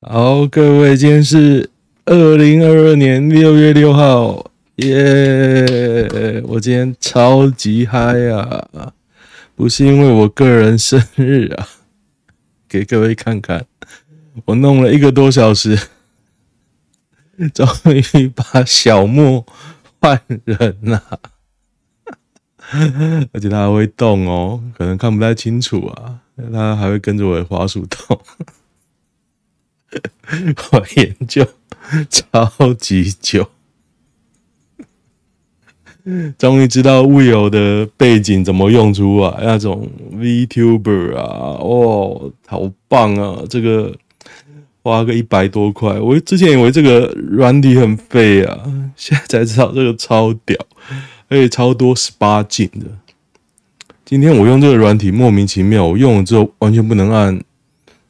好，各位，今天是二零二二年六月六號，耶，yeah！我今天超級嗨啊，不是因為我個人生日啊。給各位看看，我弄了一個多小時，終於把小莫換人了。而且他還會動哦，可能看不太清楚啊，他還會跟着我滑鼠動。 我研究超級久，終於知道 Will 的背景怎麼用出啊？那種 VTuber 啊，哦，好棒啊！這個花個一百多塊，我之前以為這個軟體很廢啊，現在才知道這個超屌，而且超多十八禁的。今天我用這個軟體，莫名其妙，我用了之後完全不能按。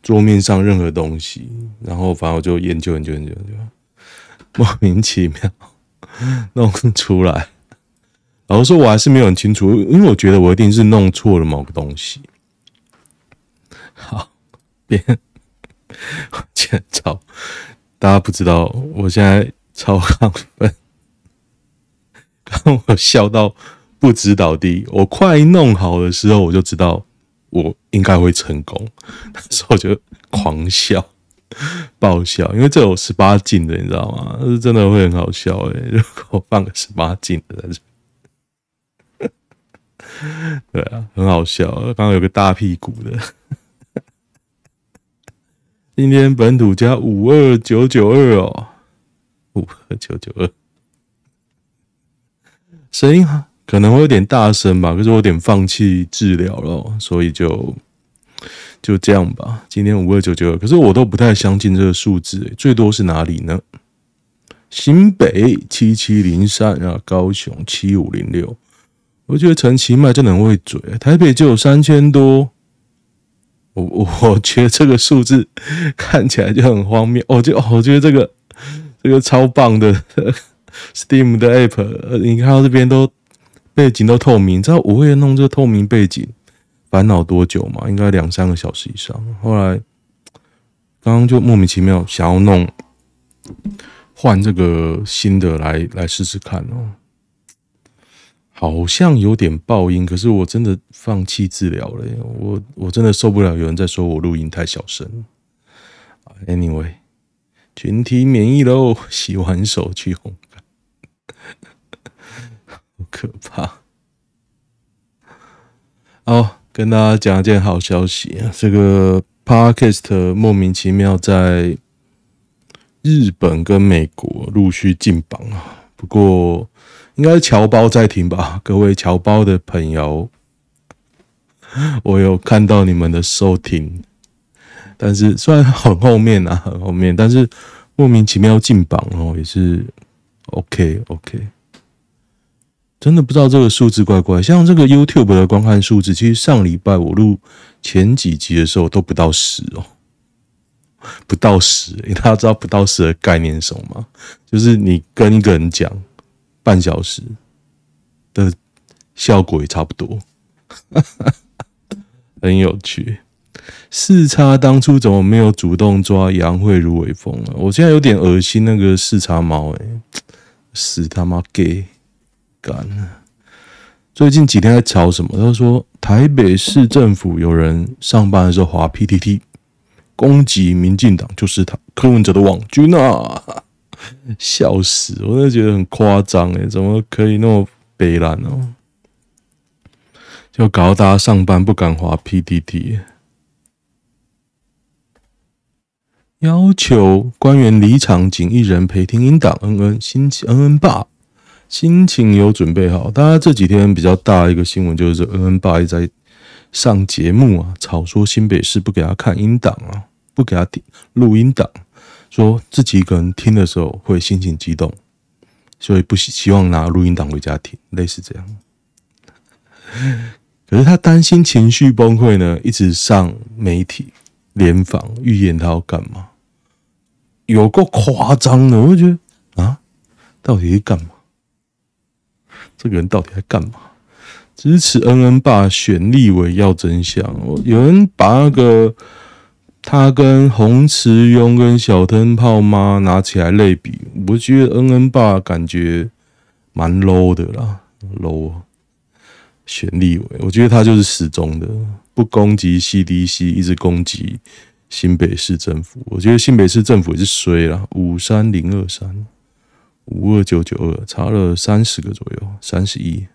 桌面上任何東西，然後反正我就研究就研究研究，就莫名其妙弄出來。然後說我還是沒有很清楚，因為我覺得我一定是弄錯了某個東西。好，別，減超大家不知道，我現在超亢奮，讓我笑到不知道的，我快弄好的時候，我就知道。我應該會成功，但是我覺得狂笑，爆笑，因為這有十八禁的，你知道嗎？這是真的會很好笑哎，欸！如果放個十八禁的，在這，對啊，很好笑，剛剛有個大屁股的，今天本土加五二九九二哦，五二九九二，聲音好，可能會有點大聲吧，可是我有點放棄治療了、喔，所以就就這樣吧。今天五二九九二，可是我都不太相信這個數字、欸，最多是哪裡呢？新北七七零三啊，高雄七五零六。我覺得陳其邁真的很會嘴、欸，台北就有三千多。我我覺得這個數字看起來就很荒謬。哦，就我覺得這個這個超棒的呵呵 Steam 的 App，你看到這邊都。背景都透明，你知道我會弄這個透明背景煩惱多久嗎？應該兩三個小時以上。後來剛剛就莫名其妙想要弄換這個新的來來試試看哦，好像有點爆音，可是我真的放棄治療了，我我真的受不了有人在說我錄音太小聲。Anyway，群體免疫嘍，洗完手去烘乾。可怕，好！跟大家講一件好消息，這個 podcast 莫名其妙在日本跟美國陸續進榜啊。不過應該是僑胞在聽吧，各位僑胞的朋友，我有看到你們的收聽，但是雖然很後面啊，很後面，但是莫名其妙進榜哦，也是 OK OK。真的不知道這個數字怪怪，像這個 YouTube 的觀看數字，其實上禮拜我錄前幾集的時候都不到十哦、喔，不到十、欸。大家知道不到十的概念是什麼嗎？就是你跟一個人講半小時的效果也差不多， 很有趣。四叉當初怎麼沒有主動抓楊慧如微風啊？我現在有點噁心那個四叉貓，誒，死他媽 gay。最近幾天在吵什麼？他、就是、說台北市政府有人上班的時候滑 P T T，攻擊民進黨就是他柯文哲的網軍啊！笑死，我真覺得很誇張哎，怎麼可以那麼悲慘呢、啊？就搞到大家上班不敢滑 P T T，要求官員離場，僅一人陪聽音。音檔，嗯嗯，新起，嗯嗯爸。心情有準備好，大家這幾天比較大一個新聞就是這恩恩爸在上節目啊，吵說新北市不給他看音檔啊，不給他聽錄音檔，說自己一個人聽的時候會心情激動，所以不希希望拿錄音檔回家聽，類似這樣。可是他擔心情緒崩潰呢，一直上媒體聯訪，預言他要幹嘛？有夠誇張的，我就覺得啊，到底是幹嘛？這個人到底在幹嘛？支持恩恩爸選立委要真相哦。有人把那個他跟洪慈庸跟小燈泡媽拿起來類比，我覺得恩恩爸感覺蠻 low 的啦，low 啊，選立委。我覺得他就是始終的不攻擊 CDC，一直攻擊新北市政府。我覺得新北市政府也是衰啦，五三零二三，五二九九二差了三十個左右，三十一。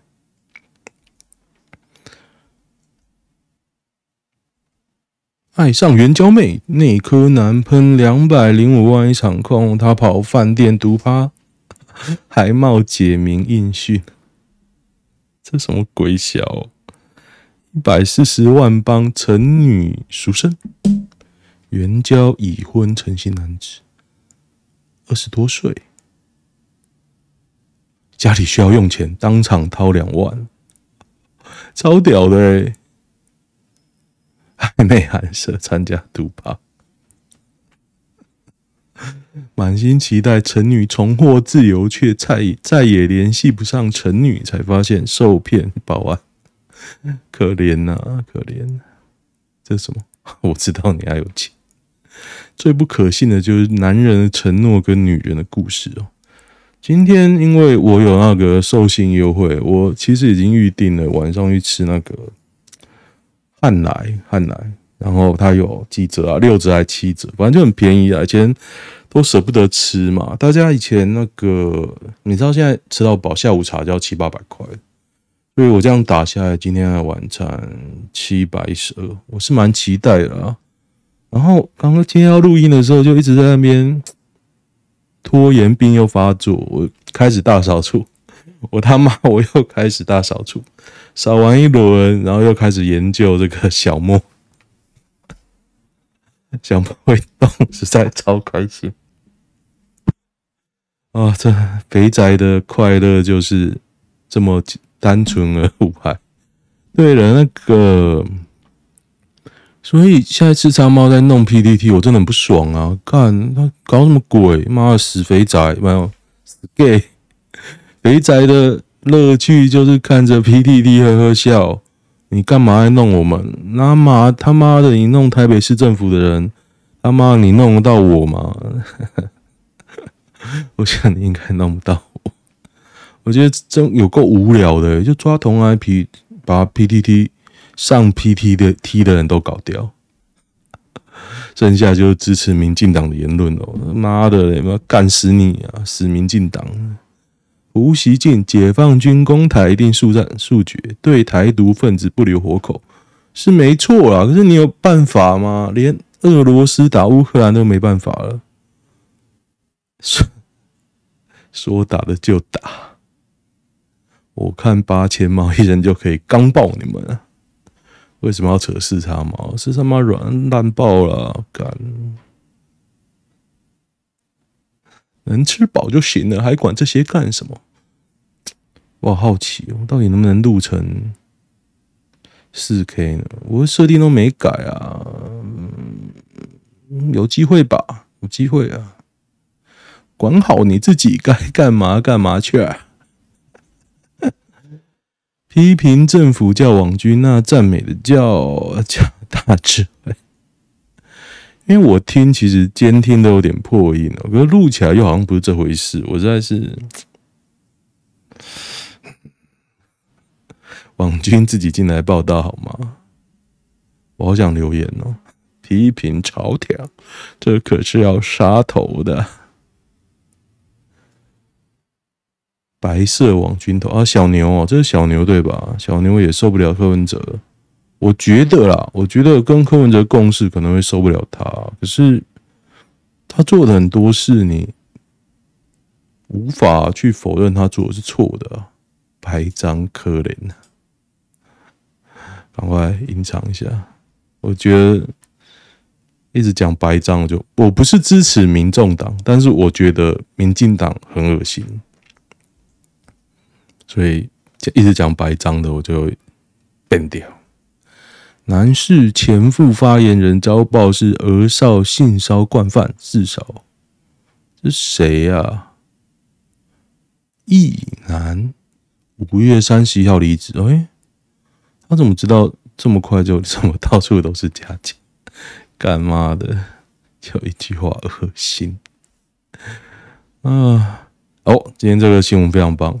愛上援交妹，內科男噴兩百零五萬一場空，他跑飯店毒趴，還冒姐名應訊，這什麼鬼小？小一百四十萬幫成女贖身，援交已婚成型男子，二十多歲。家裡需要用錢，當場掏兩萬，超屌的哎、欸！還沒含色參加賭博，滿心期待陳女重獲自由，卻再再也聯繫不上陳女，才發現受騙報案，可憐吶、啊，可憐、啊！這是什麼？我知道你還有錢，最不可信的就是男人的承諾跟女人的故事哦、喔。今天因為我有那個壽星優惠，我其實已經預定了晚上去吃那個漢來漢來，然後它有幾折啊，六折還七折，反正就很便宜啊。以前都捨不得吃嘛，大家以前那個你知道現在吃到飽下午茶就要七八百塊，所以我這樣打下來，今天的晚餐七百一十二，我是蠻期待的啊。然後剛剛今天要錄音的時候，就一直在那邊。拖延病又發作，我開始大掃除。我他媽，我又開始大掃除，掃完一輪，然後又開始研究這個小莫，小莫會動，實在超開心。啊，這肥宅的快樂就是這麼單純而無害。對了，那個。所以現在次他貓在弄 PTT，我真的很不爽啊！看他搞什麼鬼，媽的死肥宅，沒有死 gay。肥宅的樂趣就是看着 PTT 呵呵笑。你幹嘛來弄我們？他媽，他媽的，你弄台北市政府的人，他媽，你弄得到我嗎？呵呵，我想你應該弄不到我。我覺得真有夠無聊的。欸，就抓同 IP 把 PTT。上批踢的踢的人都搞掉，剩下就支持民進黨的言論了。媽的嘞，幹死你啊！死民進黨！胡錫進，解放軍攻台一定速戰速決，對台獨分子不留活口，是沒錯啦。可是你有辦法嗎？連俄羅斯打烏克蘭都沒辦法了。說說打的就打，我看八千毛一人就可以剛爆你們了啊。為什麼要扯四叉貓？是他媽軟爛爆了，幹！能吃飽就行了，還管這些幹什麼？我好奇，我到底能不能錄成四 K 呢？我設定都沒改啊，有機會吧？有機會啊！管好你自己，該幹嘛幹嘛去啊。批評政府叫網軍，啊，那讚美的叫叫大智慧。因為我聽其實監聽都有點破音了，喔，可是錄起來又好像不是這回事。我實在是。網軍自己進來報道好嗎？我好想留言哦，喔！批評朝廷，這可是要殺頭的。白色網軍頭啊，小牛哦、喔，這是小牛對吧？小牛也受不了柯文哲，我覺得啦，我覺得跟柯文哲共事可能會受不了他。可是他做的很多事，你無法去否認他做的是錯的、啊。白章可憐。趕快隱藏一下。我覺得一直講白章，就我不是支持民眾黨，但是我覺得民進黨很惡心。所以一直講白髒的，我就變掉。男士前副发言人遭曝是兒少性騷慣犯這、啊，至少是誰呀？一男，五月三十一號離職。哎，他怎麼知道這麼快就什麼到處都是假錢，幹媽的，就一句話噁心。啊，哦，今天這個新聞非常棒。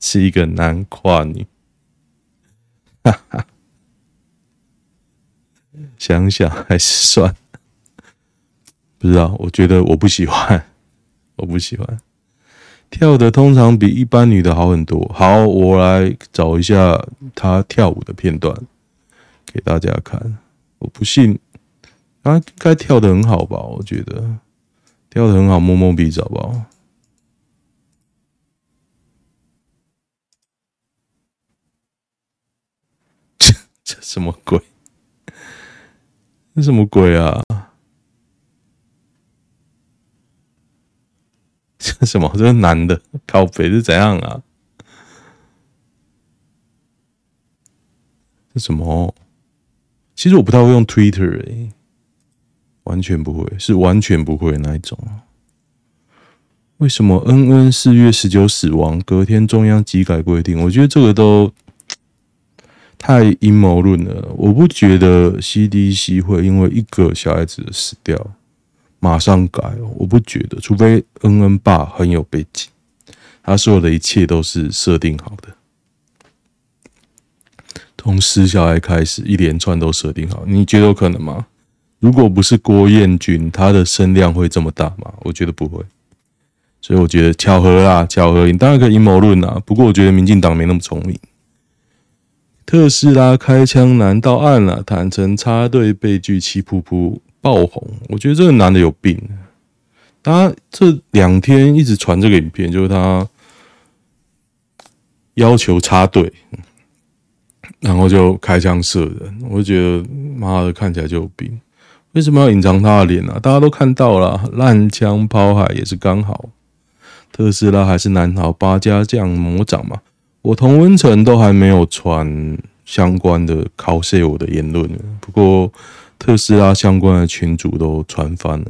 是一個男跨女，哈哈，想想還是算。 不知道，我覺得我不喜歡，我不喜歡。跳的通常比一般女的好很多。好，我來找一下她跳舞的片段給大家看。我不信，她、啊、該跳的很好吧？我覺得跳的很好，摸摸鼻子，好不好？這什麼鬼？這什麼鬼啊？這什麼？這個男的靠北是怎樣啊？這什麼？其實我不太會用 Twitter，哎、欸，完全不會，是完全不會那一種。為什麼？恩恩，四月十九死亡，隔天中央即改規定，我覺得這個都。太陰謀論了，我不覺得 CDC 會因為一個小孩子死掉馬上改，我不覺得，除非恩恩爸很有背景，他所有的一切都是設定好的。從死小孩開始，一連串都設定好，你覺得有可能嗎？如果不是郭彥均，他的聲量會這麼大嗎？我覺得不會，所以我覺得巧合啦，巧合，你當然可以陰謀論啊，不過我覺得民進黨沒那麼聰明。特斯拉開槍男到案了，坦承插隊被拒，氣噗噗爆紅。我覺得這個男的有病，他這兩天一直傳這個影片，就是他要求插隊，然後就開槍射人。我就覺得媽的，看起來就有病，為什麼要隱藏他的臉呢、啊？大家都看到了，爛槍拋海也是剛好，特斯拉還是難逃八家將魔掌嘛。我同溫層都還沒有傳相關的 coser 我的言論呢，不過特斯拉相關的群組都傳翻了。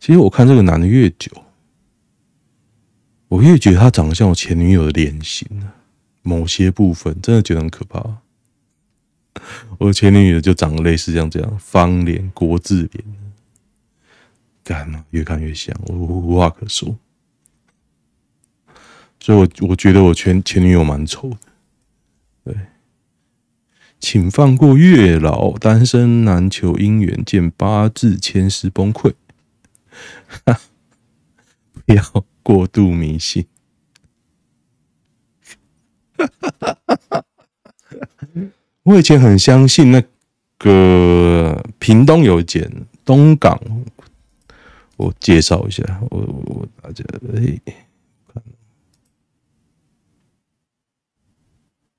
其實我看這個男的越久，我越覺得他長得像我前女友的臉型，某些部分真的覺得很可怕。我前女友就長得類似像這樣這樣，方臉、國字臉，幹嘛越看越像，我無話可說。所以我，我我覺得我前前女友蠻醜的。對，請放過月老，單身難求姻緣，見八字籤詩崩潰。不要過度迷信。哈哈哈哈哈哈！我以前很相信那個屏東有間東港，我介紹一下，我我大家哎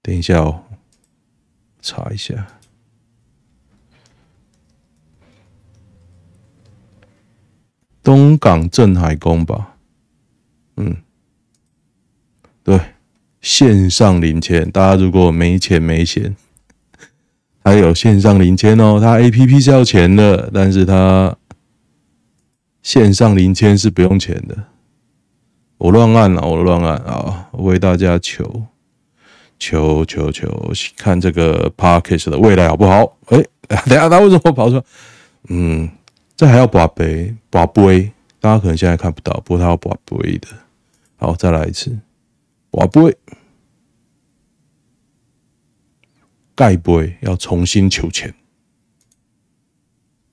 等一下哦，查一下東港鎮海宮吧。嗯，對，線上領籤，大家如果沒錢沒錢，還有線上領籤哦。它 A P P 是要錢的，但是它線上領籤是不用錢的。我亂按了，我亂按啊，我為大家求。求求求，看這個 podcast 的未來好不好？誒、欸，等下他為什麼跑出來？嗯，這還要拔杯，拔杯，大家可能現在看不到，不過他要拔杯的。好，再來一次，拔杯，蓋杯要重新求籤。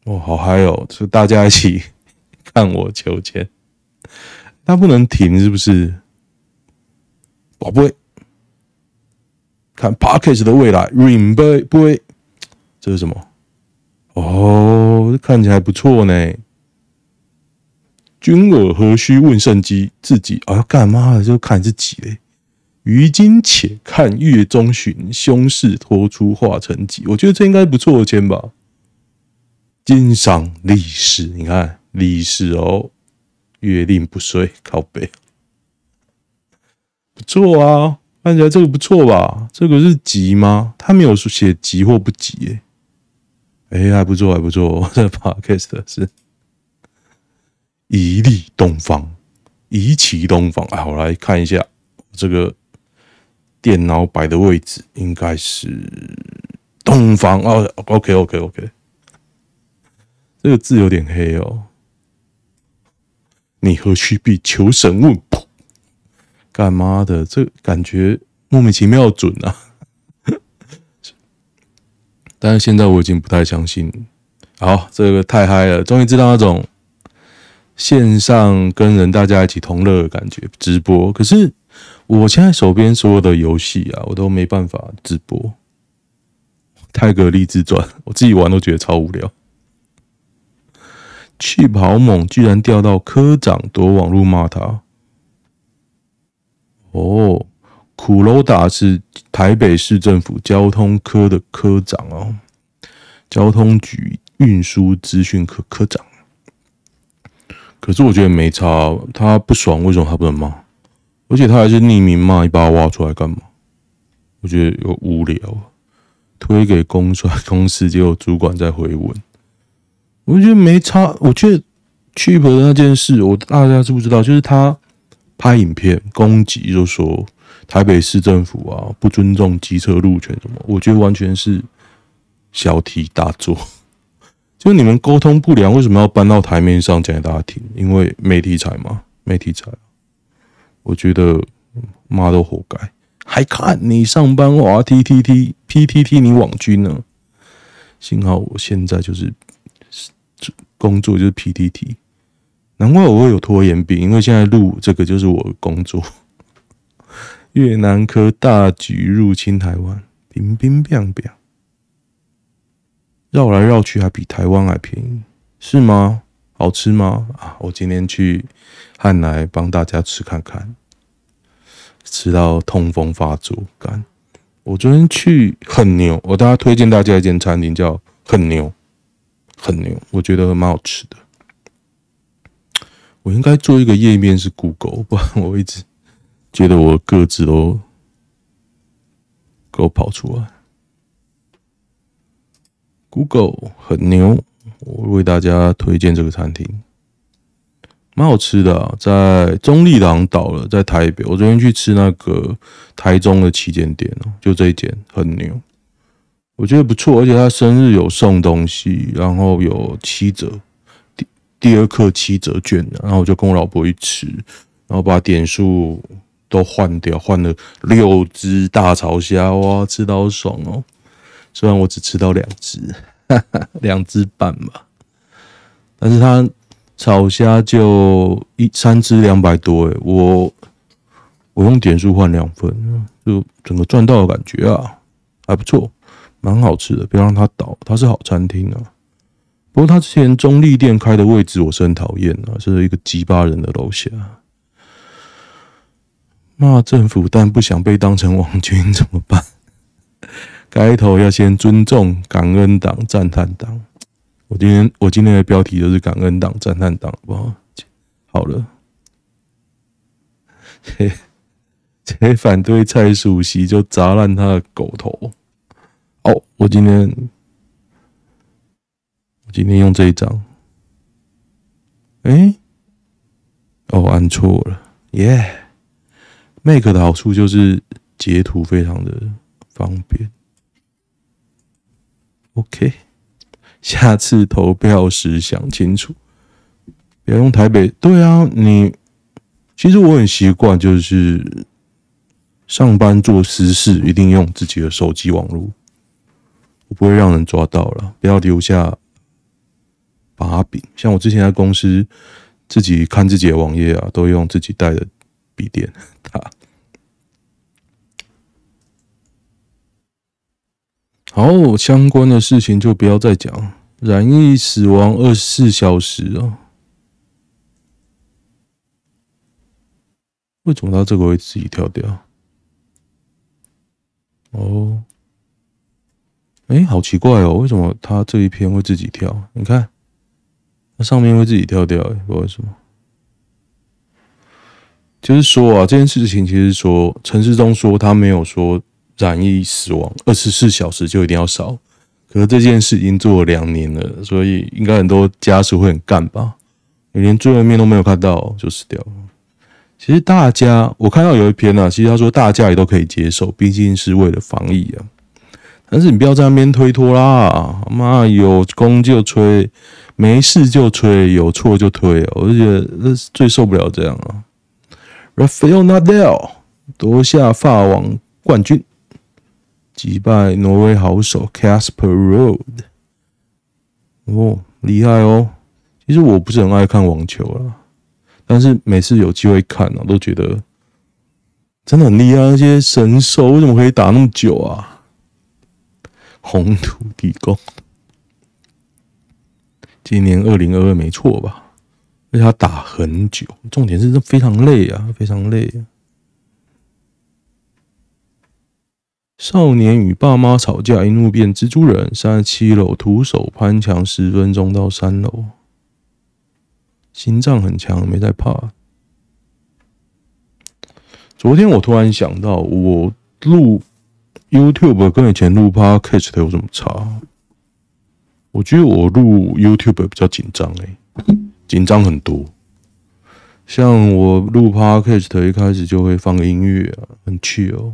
哇、哦，好嗨哦！是大家一起看我求籤，他不能停是不是？拔杯。看 package 的未來 r a i n b o Boy。這是什麼？哦，看起來不錯呢、欸。君爾何須問聖機，自己啊，幹、哦、嘛的就看自己嘞。於今且看月中旬，凶事托出化成吉。我覺得這應該不錯，籤吧。鑑賞歷史，你看歷史哦。月令不遂，靠北，不錯啊。看起來這個不錯吧？這個是吉嗎？他沒有寫吉或不吉、欸，哎，誒還不錯，還不錯。我的 podcast 是“一立東方，一齊東方”欸。我來看一下這個電腦擺的位置，應該是東方哦。啊、OK，OK，OK，OK, OK, OK 這個字有點黑哦、喔。你何須必求神問卜？幹媽的，這感覺莫名其妙準啊！ 但是現在我已經不太相信。好，這個太嗨了，終於知道那種線上跟人大家一起同樂的感覺，直播。可是我現在手邊所有的遊戲啊，我都沒辦法直播。太閤立志傳，我自己玩都覺得超無聊。去跑猛，居然掉到科長奪網路罵他。哦，苦羅達是台北市政府交通科的科長哦，交通局運輸資訊科科長。可是我覺得沒差哦，他不爽，為什麼他不能罵？而且他還是匿名罵，你把我挖出來幹嘛？我覺得有無聊，推給公出來公司，結果主管在回文。我覺得沒差，我覺得區伯那件事，我大家知不知道？就是他。拍影片攻擊就說台北市政府啊不尊重機車路權什麼，我覺得完全是小題大做。就你們溝通不良，為什麼要搬到台面上講給大家聽？因為沒題材嘛，沒題材。我覺得媽都活該，還看你上班滑 T T T P T T 你網軍呢、啊？幸好我現在就是工作就是 P T T。難怪我會有拖延病，因為現在錄這個就是我的工作。 越南科大舉入侵台灣，乒乒乓乓，繞來繞去還比台灣還便宜，是嗎？好吃嗎？啊！我今天去漢來幫大家吃看看，吃到痛風發作幹。我昨天去很牛，我大家推薦大家一間餐廳叫很牛，很牛，我覺得蠻好吃的。我應該做一個頁面是 Google，不然我一直覺得我各自都給我跑出來。Google 很牛，我為大家推薦這個餐廳，蠻好吃的啊，在中立港島了，在台北。我昨天去吃那個台中的旗艦店哦，就這一間很牛，我覺得不錯，而且他生日有送東西，然後有七折。第二課七折券的，然後我就跟我老婆一起，然後把點數都換掉，換了六隻大潮蝦，哇，吃到爽哦、喔！雖然我只吃到兩隻，哈哈，兩隻半吧，但是它炒蝦就一三隻兩百多、欸，誒我我用點數換兩份，就整個賺到的感覺啊，還不錯，蠻好吃的，不要讓它倒，它是好餐廳啊。不過他之前中立店開的位置我是很討厭啊，是一個雞巴人的樓下罵政府，但不想被當成王軍怎麼辦？開頭要先尊重、感恩黨、讚嘆黨。我今天我今天的標題就是感恩黨、讚嘆黨，好，好，好了。誰反對蔡主席就砸爛他的狗頭。哦，我今天。今天用這一張，哎，哦，按錯了，耶，yeah！Make 的好處就是截圖非常的方便。OK，下次投票時想清楚，別用台北。對啊，你其實我很習慣，就是上班做私事，一定用自己的手機網絡，我不會讓人抓到了，不要留下。把柄，像我之前在公司自己看自己的網頁啊，都用自己帶的筆電。好，相關的事情就不要再講。染疫死亡二十四小時哦、喔。為什麼他這個會自己跳掉？哦，哎，好奇怪哦、喔，為什麼他這一篇會自己跳？你看。上面會自己跳掉、欸，為什麼？就是說啊，這件事情其實說陳時中說他沒有說染疫死亡二十四小時就一定要燒。可是這件事情做了兩年了，所以應該很多家屬會很乾吧？你連最後一面都沒有看到就死掉了。其實大家，我看到有一篇呢、啊，其實他說大家也都可以接受，畢竟是為了防疫啊。但是你不要在那邊推脫啦！媽有功就吹，沒事就吹，有錯就推、哦，我就覺得是最受不了這樣了、啊。Rafael Nadal 奪下法網冠軍，擊敗挪威好手 Casper Ruud。哦，厲害哦！其實我不是很愛看網球啊，但是每次有機會看呢、啊，都覺得真的很厲害。那些神獸為什麼可以打那麼久啊？紅土地公。今年二零二二沒錯吧？而且他打很久，重點是這非常累啊，非常累啊！少年與爸媽吵架，一怒變蜘蛛人，三十七樓徒手攀牆十分鐘到三樓，心臟很強，沒在怕。昨天我突然想到，我錄 YouTube 跟以前錄 Podcast 有什麼差？我覺得我錄 YouTube 比較緊張哎，緊張很多。像我錄 Podcast 一開始就會放個音樂啊，很 chill，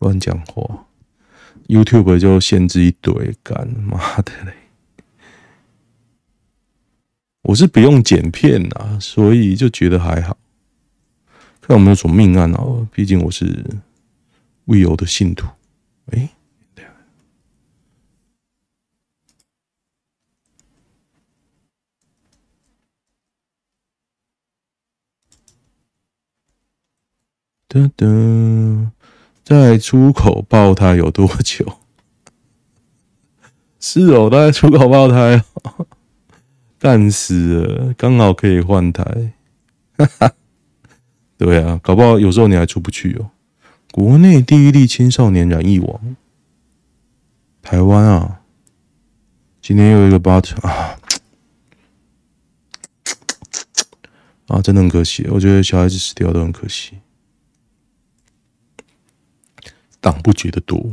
亂講話。YouTube 就限制一堆，幹媽的嘞！我是不用剪片啊，所以就覺得還好。看有沒有什麼命案哦，畢竟我是未有的信徒。哎、欸。等等，在出口爆胎有多久？是哦，都在出口爆胎哦，幹死了，剛好可以換胎。哈哈，對啊，搞不好有時候你還出不去哦。國內第一例青少年染疫亡。台灣啊，今天又一個 button 啊！啊，真的很可惜，我覺得小孩子死掉都很可惜。黨不覺得多，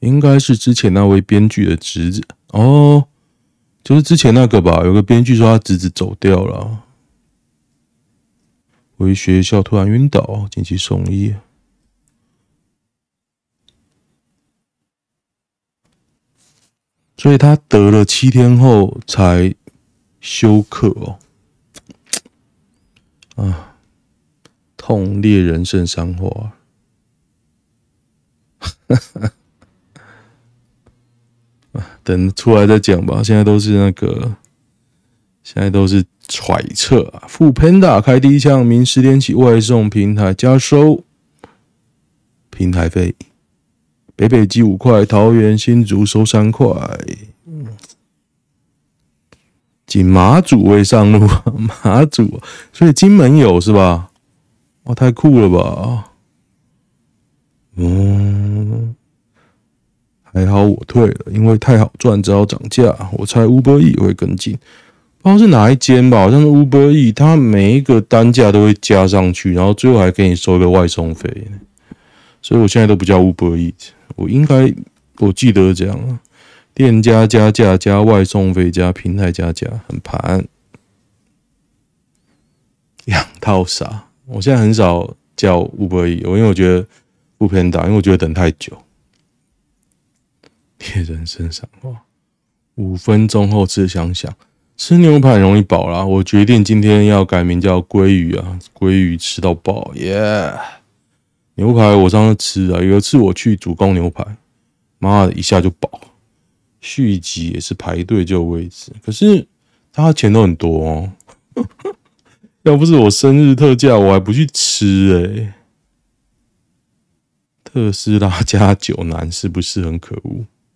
應該是之前那位編劇的侄子哦，就是之前那個吧。有個編劇說他侄子走掉了，回學校突然暈倒，緊急送醫，所以他得了七天後才休克哦。啊，痛裂人生三火。哈哈、 啊，等出來再講吧。現在都是那個，現在都是揣測啊。foodpanda 開第一槍，明十點起外送平台加收平台費，北北基五塊，桃園新竹收三塊，僅馬祖未上路啊，馬祖，所以金門有是吧？哇、啊，太酷了吧！嗯。還好我退了，因為太好賺，只要漲價。我猜 Uber Eats 也會跟進，不知道是哪一間吧，好像是 Uber Eats，它每一個單價都會加上去，然後最後還給你收一個外送費。所以我現在都不叫 Uber Eats，我應該我記得這樣啊，店家加價加外送費加平台加價，很盤，兩套傻。我現在很少叫 Uber Eats，因為我覺得不偏打，因為我覺得等太久。人身上哦，五分鐘後吃想想，吃牛排容易飽啦。我決定今天要改名叫鮭魚啊，鮭魚吃到飽耶！Yeah! 牛排我上次吃啊，有一次我去主攻牛排，媽的，一下就飽。續集也是排隊就位置，可是他錢都很多哦。 要不是我生日特價，我還不去吃誒、欸。特斯拉加九難是不是很可惡？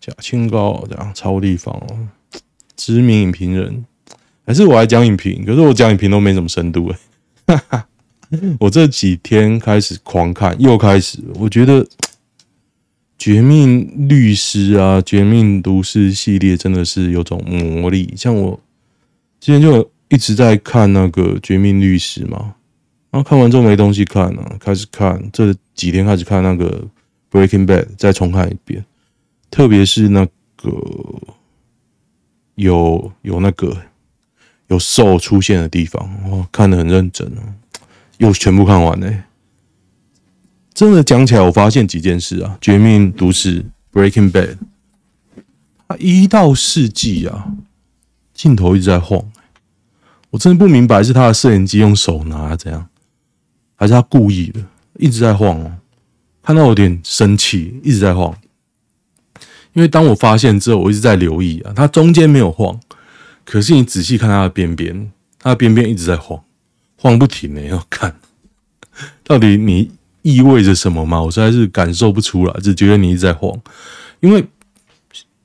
假清高，這樣，超地方哦。知名影評人，還是我來講影評。可是我講影評都沒什麼深度欸，哈哈， 我這幾天開始狂看，又開始，我覺得《絕命律師》啊，《絕命毒師》系列真的是有種魔力。像我之前就一直在看那個《絕命律師》嘛，然後看完之後沒東西看了，開始看這幾天開始看那個《Breaking Bad》，再重看一遍。特別是那個有有那個有獸出現的地方，哦，看得很認真哦、啊，又全部看完嘞、欸。真的講起來，我發現幾件事啊，《絕命毒師》《Breaking Bad》，啊，它一到四季啊，鏡頭一直在晃、欸，我真的不明白是他的攝影機用手拿怎樣，還是他故意的一直在晃哦、啊。看到有點生氣，一直在晃。因為當我發現之後，我一直在留意啊，它中間沒有晃，可是你仔細看它的邊邊，它的邊邊一直在晃，晃不停的要看到底你意味着什麼嘛，我實在是感受不出來，只覺得你一直在晃。因為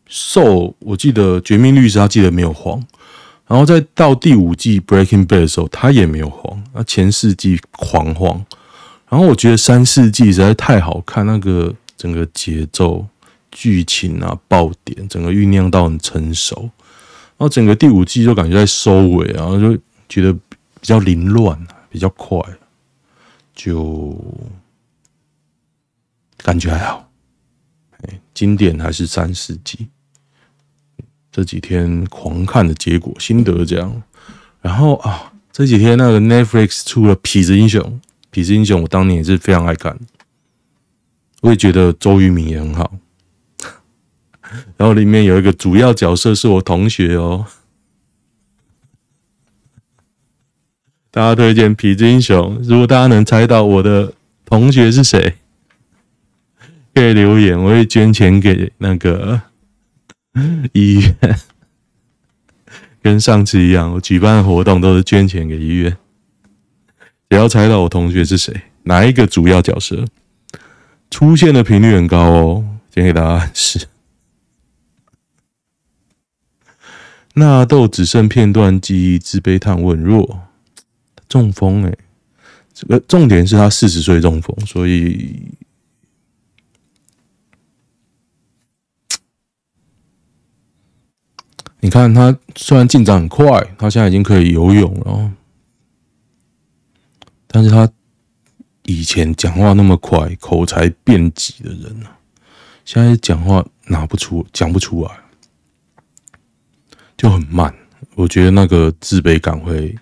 獸、so, 我記得《絕命律師》他記得沒有晃，然後再到第五季《Breaking Bad》的時候，他也沒有晃，那前四季狂晃，然後我覺得三四季實在太好看，那個整個節奏，劇情啊，爆點，整個醞釀到很成熟，然後整個第五季就感覺在收尾啊，然後就覺得比較凌亂，比較快，就感覺還好，哎、欸，經典還是三十集。這幾天狂看的結果心得這樣。然後啊，這幾天那個 Netflix 出了痞子英雄《痞子英雄》，《痞子英雄》我當年也是非常愛看，我也覺得周渝民也很好。然後裡面有一個主要角色是我同學哦。大家推薦《痞子英雄》，如果大家能猜到我的同學是誰，可以留言，我會捐錢給那個醫院。跟上次一樣，我舉辦的活動都是捐錢給醫院。只要猜到我同學是誰，哪一個主要角色出現的頻率很高哦？先給大家暗示。納豆只剩片段記憶，自卑、嘆問、弱，中風欸，這個重點是他四十歲中風，所以你看他雖然進展很快，他現在已經可以游泳了，但是他以前講話那麼快、口才辯捷的人、啊、現在講話拿不出、講不出來。就很慢，我覺得那個自卑感會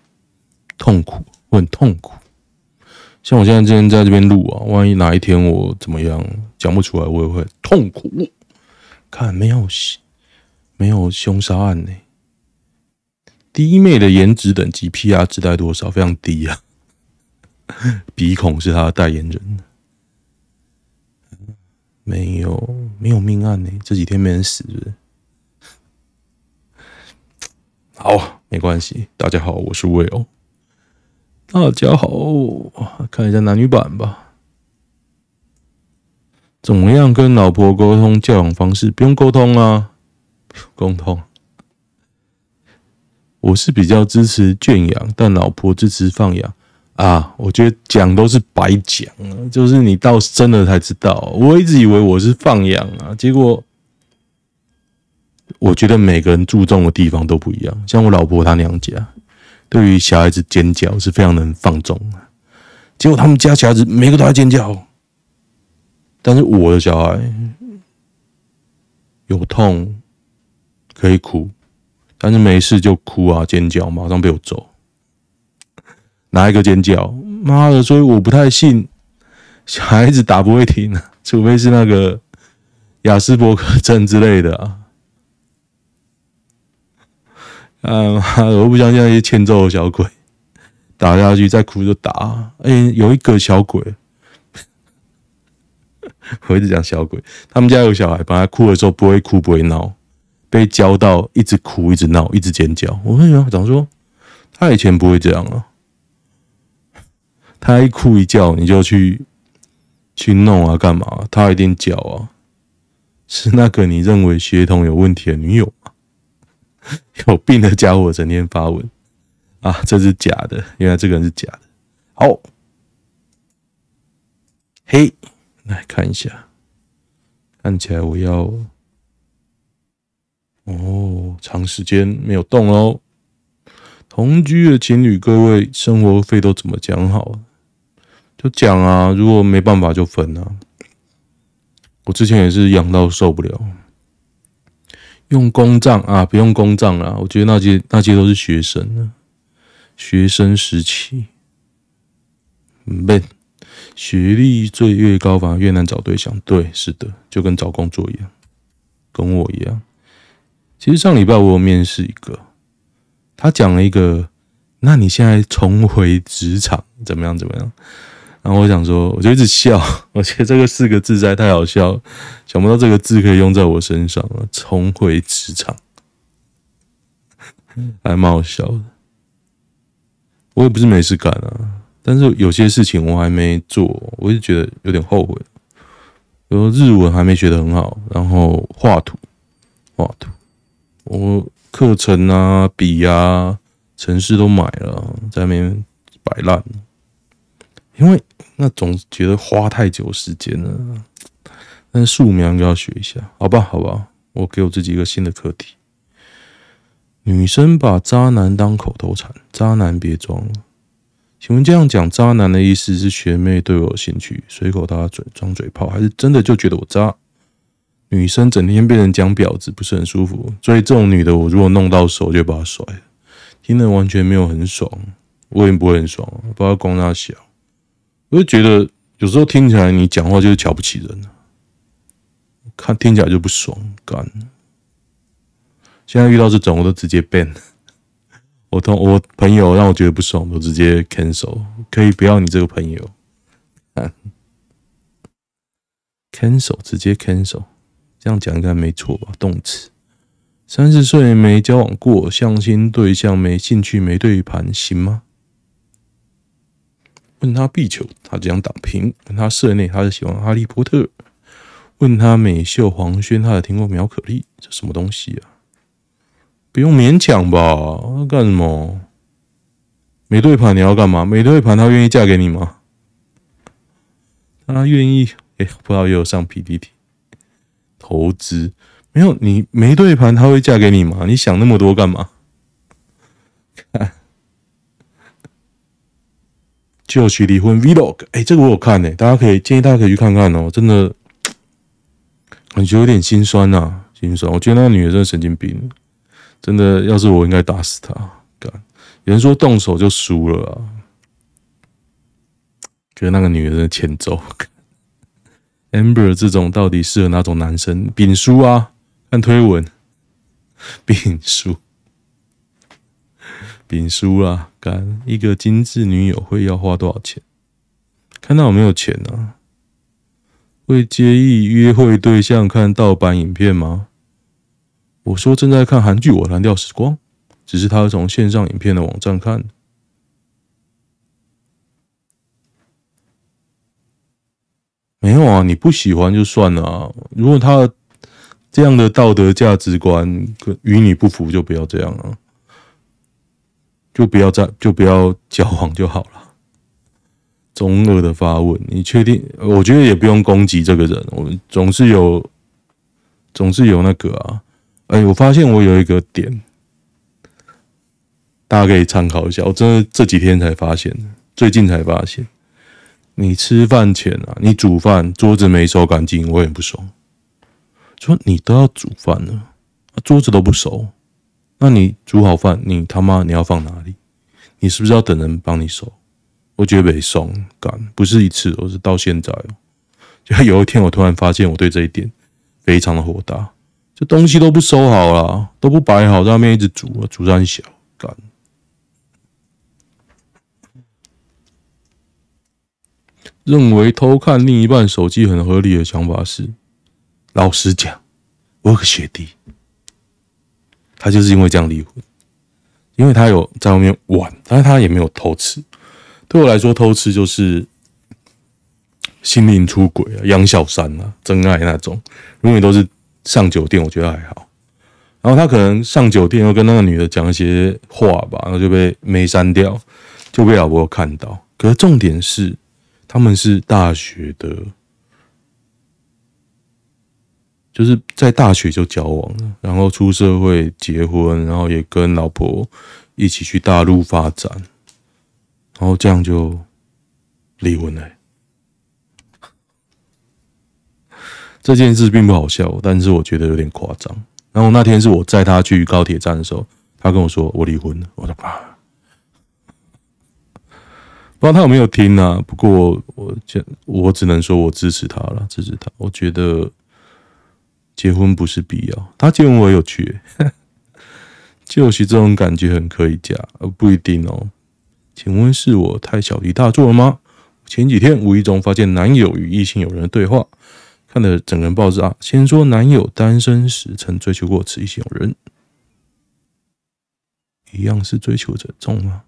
痛苦，會很痛苦。像我現在今天在這邊錄啊，萬一哪一天我怎麼樣講不出來，我也會痛苦。看沒有，沒有凶殺案呢、欸。第一妹的顏值等級 PR 值帶多少？非常低啊。 鼻孔是他的代言人。沒有，沒有命案呢、欸。這幾天沒人死是不是？好，沒關係。大家好，我是 Will。大家好，看一下男女版吧。怎麼樣跟老婆溝通教養方式？不用溝通啊，溝通。我是比較支持圈養，但老婆支持放養啊。我覺得講都是白講，就是你到生了才知道。我一直以為我是放養啊，結果。我覺得每個人注重的地方都不一樣。像我老婆她娘家，對於小孩子尖叫是非常能放縱的。結果他們家小孩子每個都在尖叫，但是我的小孩有痛可以哭，但是沒事就哭啊、尖叫，馬上被我揍。哪一個尖叫？媽的！所以我不太信小孩子打不會停，除非是那個亞斯伯格症之類的啊。啊、嗯！我不相信那些欠揍的小鬼，打，下去再哭就打。哎、欸，有一個小鬼，我一直講小鬼，他們家有小孩，本來哭的時候不會哭不會鬧，被教到一直哭一直鬧一直尖叫。我跟你說，常說他以前不會這樣啊，他一哭一叫你就去去弄啊幹嘛？他一定叫啊，是那個你認為血統有問題的女友。你有 有病的家伙，成天發文啊！這是假的，原來這個人是假的。好，嘿，來看一下，看起來我要哦、喔，長時間沒有動嘍。同居的情侶，各位生活費都怎麼講好？就講啊，如果沒辦法就分啊。我之前也是養到受不了。用公賬啊，不用公賬啦，我覺得那些那些都是學生啊，學生時期。嗯，被學歷最越高，反而越難找對象。對，是的，就跟找工作一樣，跟我一樣。其實上禮拜我有面試一個，他講了一個，那你現在重回職場怎麼樣？怎麼樣？然後我想說，我就一直笑，我覺得這個四個字實在太好笑，想不到這個字可以用在我身上了。重回職場，還蠻好笑的。我也不是沒事幹啊，但是有些事情我還沒做，我就覺得有點後悔。比如日文還沒學得很好，然後畫圖，畫圖，我課程啊、筆啊、程式都買了，在那邊擺爛。因為那總覺得花太久時間了，但是素描應該要學一下，好吧，好吧，我給我自己一個新的課題。女生把渣男當口頭禪，渣男別裝了。請問這樣講渣男的意思是學妹對我有興趣，隨口打嘴裝嘴炮，還是真的就覺得我渣？女生整天被人講婊子，不是很舒服？所以這種女的，我如果弄到手，就把她甩了。聽得完全沒有很爽，我也不會很爽，不要光那想。我就覺得有時候聽起來你講話就是瞧不起人。看聽起來就不爽幹。現在遇到這種我都直接 ban，我同我朋友讓我覺得不爽，我直接 cancel，可以不要你這個朋友啊。cancel 直接 cancel，這樣講應該沒錯吧？動詞。三十歲沒交往過相親對象，沒興趣，沒對盤，行嗎？問他壁球，他只想打平；問他社內，他是喜歡哈利波特。問他美秀黃軒，他也聽過苗可麗，這什麼東西啊？不用勉強吧？幹什麼？沒對盤你要幹嘛？沒對盤他願意嫁給你嗎？他願意？哎、欸，不知道也有上 PPT 投資沒有？你沒對盤他會嫁給你嗎？你想那麼多幹嘛？就要去離婚 Vlog，哎、欸，這個我有看呢、欸，大家可以建議，大家可以去看看哦、喔，真的，感覺得有點心酸吶、啊，心酸。我覺得那個女的真的神經病，真的，要是我應該打死她。有人說動手就輸了，覺得那個女的真的欠揍。Amber 這種到底適合哪種男生？丙書啊，看推文，丙書，丙書啊。幹一個精緻女友會要花多少錢？看到有沒有錢呢、啊？會介意約會對象看盜版影片嗎？我說正在看韓劇《我藍調時光》，只是他從線上影片的網站看。沒有啊，你不喜歡就算了啊。如果他這樣的道德價值觀與你不符，就不要這樣啊。就不要再，就不要交往就好了。中二的發問，你確定？我覺得也不用攻擊這個人。我們總是有，總是有那個啊。哎、欸，我發現我有一個點，大家可以參考一下。我真的這幾天才發現，最近才發現。你吃飯前啊，你煮飯桌子沒收乾淨，我也不收。說你都要煮飯了，啊，桌子都不收。那你煮好飯，你他媽你要放哪裡？你是不是要等人幫你收？我覺得沒送。幹，不是一次，而是到現在。就有一天，我突然發現我對這一點非常的火大。這東西都不收好啦，都不擺好，在那邊一直煮，煮上一小時幹。認為偷看另一半手機很合理的想法是，老實講，我有個學弟。他就是因為這樣離婚，因為他有在外面玩，但是他也沒有偷吃。對我來說，偷吃就是心靈出軌啊，養小三啊，真愛那種。如果你都是上酒店，我覺得還好。然後他可能上酒店又跟那個女的講一些話吧，然後就被沒刪掉，就被老婆看到。可是重點是，他們是大學的。就是在大學就交往了，然後出社會結婚，然後也跟老婆一起去大陸發展，然後這樣就離婚了。這件事並不好笑，但是我覺得有點誇張。然後那天是我載他去高鐵站的時候，他跟我說：“我離婚了，我的爸。”不知道他有沒有聽呢、啊？不過我我只能說，我支持他了，支持他。我覺得。結婚不是必要，他見我也有趣呵。就是這種感覺很可以嫁，不一定哦。請問是我太小題大做了嗎？前幾天無意中發現男友與異性友人的對話，看得整人爆炸。先說男友單身時曾追求過此異性友人，一樣是追求者眾嗎、啊？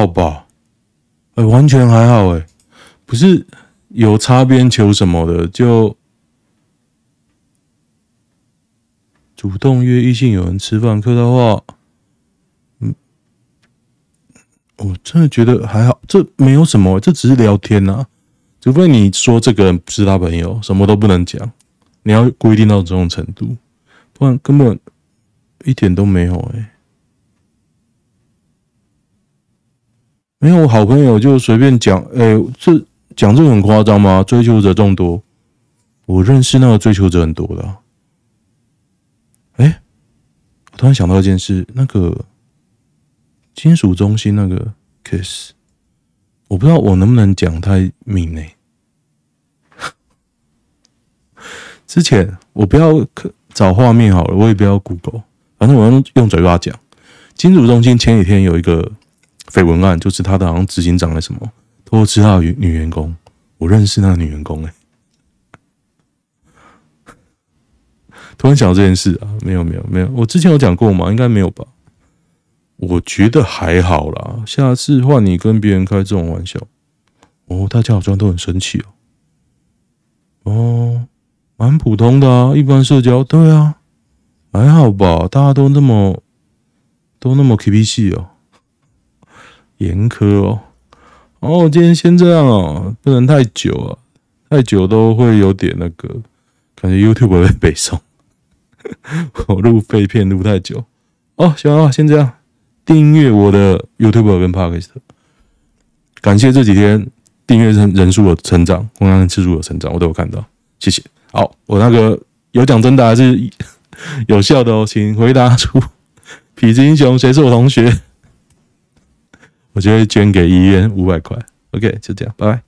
好吧，哎，完全還好哎，不是有擦邊球什麼的，就主動約異性友人吃飯客套話，嗯，我真的覺得還好，這沒有什麼，這只是聊天吶、啊，除非你說這個人不是他朋友，什麼都不能講，你要規定到這種程度，不然根本一點都沒有哎。沒有我好朋友就隨便講，誒、欸、這講這很誇張嗎？追求者眾多，我認識那個追求者很多的。誒、欸、我突然想到一件事，那個金屬中心那個 case，我不知道我能不能講太明內、欸。之前我不要找畫面好了，我也不要 Google，反正我用用嘴巴講。金屬中心前幾天有一個。緋聞案就是他的，好像執行長還是什麼，偷吃他女女員工，我認識那個女員工哎、欸， 突然想到這件事啊，沒有沒有沒有，我之前有講過嗎？應該沒有吧，我覺得還好啦，下次換你跟別人開這種玩笑，哦，大家好像都很生氣哦，哦，蠻普通的啊，一般社交對啊，還好吧，大家都那麼都那麼 K P C 哦。嚴苛哦，哦，今天先這樣哦，不能太久啊，太久都會有點那個，感覺 YouTube 會被送，我錄廢片錄太久，哦，行了，哦，先這樣，訂閱我的 YouTube 跟 Podcast，感謝這幾天訂閱人人數的成長，觀看次數的成長，我都有看到，謝謝。好，我那個有獎徵答是有效的哦，請回答出痞子英雄誰是我同學？我就會捐給醫院五百塊，OK，就這樣，拜拜。